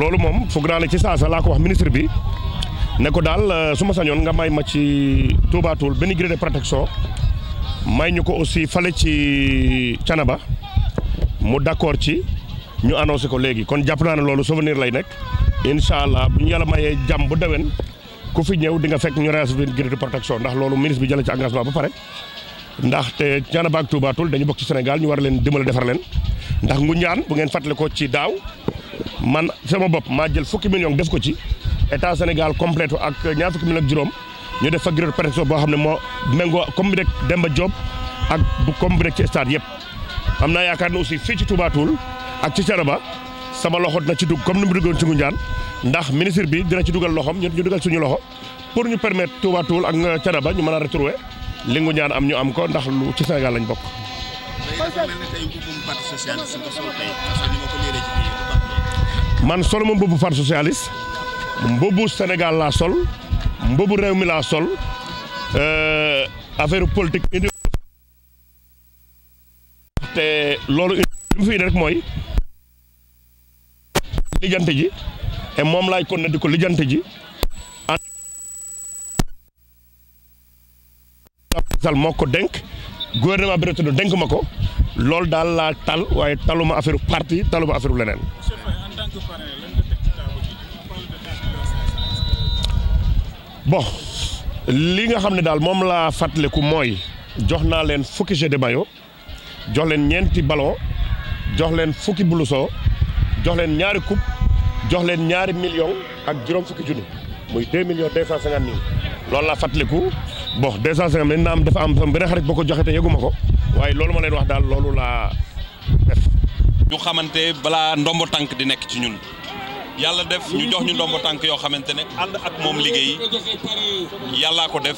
loolu moom foog naa ne ci saasa laa ko wax ministre bi ne ko daal euh, su ma sañoon nga may ma ci Touba benn gré de protection may ñu ko aussi fale ci Canaba mu d'accord ci ñu annoncé ko léegi kon jàpp naa ne loolu souvenir lay nekk incha allah bu ñu yàlla mayee jàmm bu dewen ku fi ñëw di nga fekk ñu réaliser benn gré de protection ndax loolu ministre bi jëlee ci engagement ba pare ndaxte Canaba ak Touba Toul dañu bokk ci Sénégal ñu war leen dimbali defar leen ndax ngu ñaan ngeen fàttali ko ci daaw man sama bopp maa jël fukki million def ko ci état Sénégal complète ak ñaar fukki million ak juróom ñu def fa gré préso boo xam ne moo méngoo comme bi dem ba Diop ak bu comme bi rek ci stade yëpp am naa yaakaar ne aussi fii ci Touba ak ci ba sama loxo dina ci dugg comme ni mu duggoon ci Ngoundiane ndax ministre bi dina ci dugal loxoom ñu dugal suñu loxo pour ñu permettre Touba Toul ak ba ñu mën a retrouver li Ngoundiane am ñu am ko ndax lu ci Sénégal lañ bokk. man sol ma mbubu parti socialiste mbubu Sénégal laa sol mbubu réew mi laa sol euh, affaire politik indi te loolu indi li fi indi rek mooy lijjante ji et moom laay kon ne di ko lijjante ji sal moo ko denk gouvernement bi retourné dénk ma ko loolu daal laa tal waaye taluma affaire parti taluma affaire leneen bon li nga xam ne daal moom laa fàttaliku mooy jox naa leen fukki jeu de jox leen ñeenti ballon jox leen fukki blouson jox leen ñaari coupe jox leen ñaari million ak juróom fukki junni muy deux millions deux cent cinquante mille loolu laa fàttaliku bon deux cent cinquante na am dafa am sama benn xarit boo ko joxee te yëguma ko waaye loolu ma leen wax daal loolu laa def. ñu xamante balaa ndombo tànk di nekk ci ñun. yàlla def ñu jox ñu ndombo tànk yoo xamante ne ànd ak moom liggéey yàllaa ko def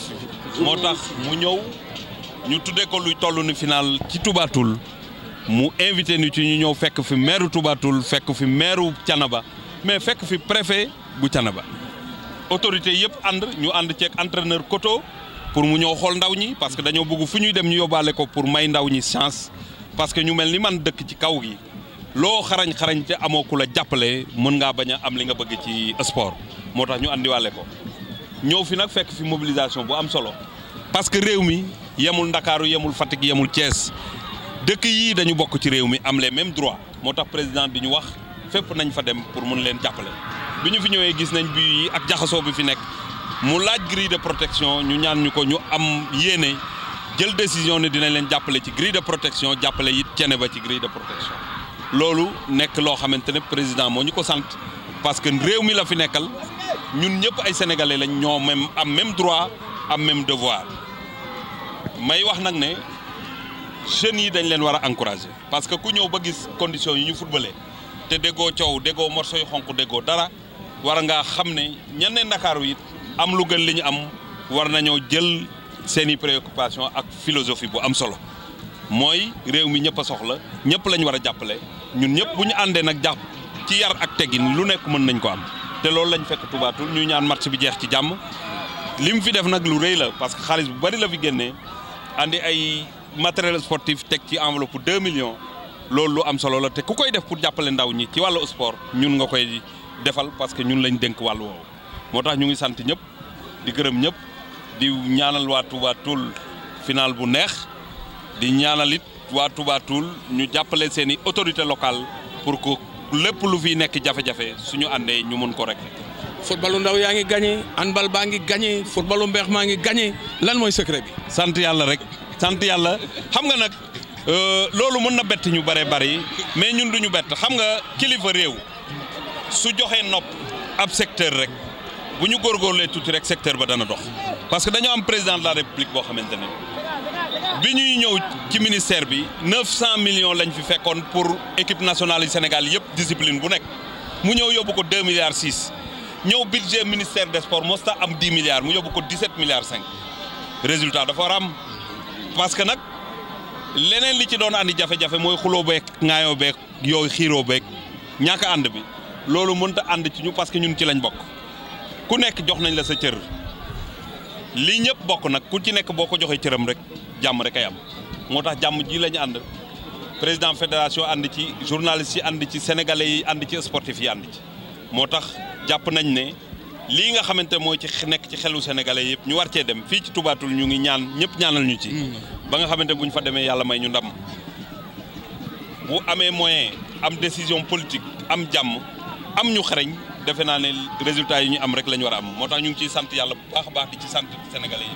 moo tax mu ñëw ñu tuddee ko luy toll ni final ci Toubatoul mu invité ñu ci ñu ñëw fekk fi maire Toubatoul fekk fi cana ba mais fekk fi préfet bu cana ba autorité yëpp ànd ñu ànd ceeg entraîneur Koto pour mu ñëw xool ndaw ñi parce que dañoo bëgg fu ñuy dem ñu yóbbaale ko pour may ndaw ñi chance parce que ñu mel ni man dëkk ci kaw yi loo xarañ xarañ te amoo ku la jàppale mën ngaa bañ a am li nga bëgg ci sport moo tax ñu andiwaale ko ñëw fi nag fekk fi mobilisation bu am solo parce que réew mi yemul Ndakaaru yemul Fatick yemul cees dëkk yii dañu bokk ci réew mi am les mêmes droits moo tax président di ñu wax fépp nañ fa dem pour mun leen jàppale bi ñu fi ñëwee gis nañ bi yi ak jaxasoo bi fi nekk mu laaj grille de protection ñu ñaan ñu ko ñu am yéene jël décision ni dina leen jàppale ci grille de protection jàppale it cene ba ci grille de protection loolu nekk loo xamante ne président moo ñu ko sant parce que réew mi la fi nekkal ñun ñëpp ay sénégalais lañ ñoo même am même droit am même devoir may wax nag ne jeunes yi dañ leen war a encourager parce que ku ñëw ba gis conditions yi ñu footballé te déggoo coow déggoo morso yu xonq déggoo dara war ngaa xam ne ñeneen Ndakaaru it am lu gën li am war nañoo jël seeni préoccupation ak philosophie bu am solo mooy réew mi ñëpp a soxla ñëpp lañu war a jàppale ñun ñëpp bu ñu àndee nag jàpp ci yar ak teggin lu nekk mën nañ ko am te loolu lañ fekk Touba Toul ñu ñaan match bi jeex ci jàmm li mu fi def nag lu rëy la parce que xaalis bu bari la fi génnee àndi ay matériel sportif teg ci enveloppe deux millions loolu lu am solo la te ku koy def pour jàppale ndaw ñi ci wàllu sport ñun nga koy defal parce que ñun lañ dénk wàllu woowu moo tax ñu ngi sant ñëpp di gërëm ñëpp di ñaanal waa Touba Toul final bu neex di ñaanal it waa Touba ñu jàppale seen i autorité local pour ko lépp lu fi nekk jafe-jafe suñu àndee ñu mun ko rek. footballu ndaw yaa ngi gagné handball baa ngi gagné footballu mbeex maa ngi gagné lan mooy secret bi. sant yàlla rek sant yàlla xam nga nag euh, loolu mën na bett ñu bare bari mais ñun duñu bett xam nga kilifa réew su joxee nopp ab secteur rek bu ñu góorgóorlee tuuti rek secteur ba dana dox parce que dañoo am président de la république boo xamante ne. bi ñuy ñëw ci ministère bi 900 millions lañ fi fekkoon pour équipe nationale yu Sénégal yëpp discipline bu nekk mu ñëw yóbbu ko 2 milliards 6 ñëw budget ministère des sports mos ta am 10 milliards mu yóbbu ko 17 milliards 5 résultat dafa war am parce que nag leneen li ci doon andi jafe-jafe mooy xuloo beeg ŋaayoo beeg yooyu xiiroo beeg ñaaka ànd bi loolu mënta ànd ci ñu parce que ñun ci lañ bokk ku nekk jox nañ la sa cër li ñëpp bokk nag ku ci nekk boo ko joxee cëram rek. jàmm rek ay am moo tax jàmm ji la ñu ànd président fédération ànd ci journaliste yi ànd ci sénégalais yi ànd ci sportif yi ànd ci moo tax jàpp nañ ne lii nga xamante mooy ci nekk ci xelu sénégalais yëpp ñu war cee dem fii ci tubaatul ñu ngi ñaan ñëpp ñaanal ñu ci mm. ba nga xamante bu ñu fa demee yàlla may ñu ndam bu amee moyen am décision politique am jàmm am ñu xarañ defe naa ne résultat yi ñu am rek la ñu war am moo tax ñu ngi ciy sant yàlla bu baax baax ci sant sénégalais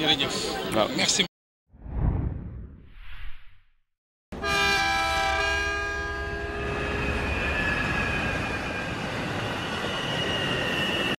jërëjëf waaw merci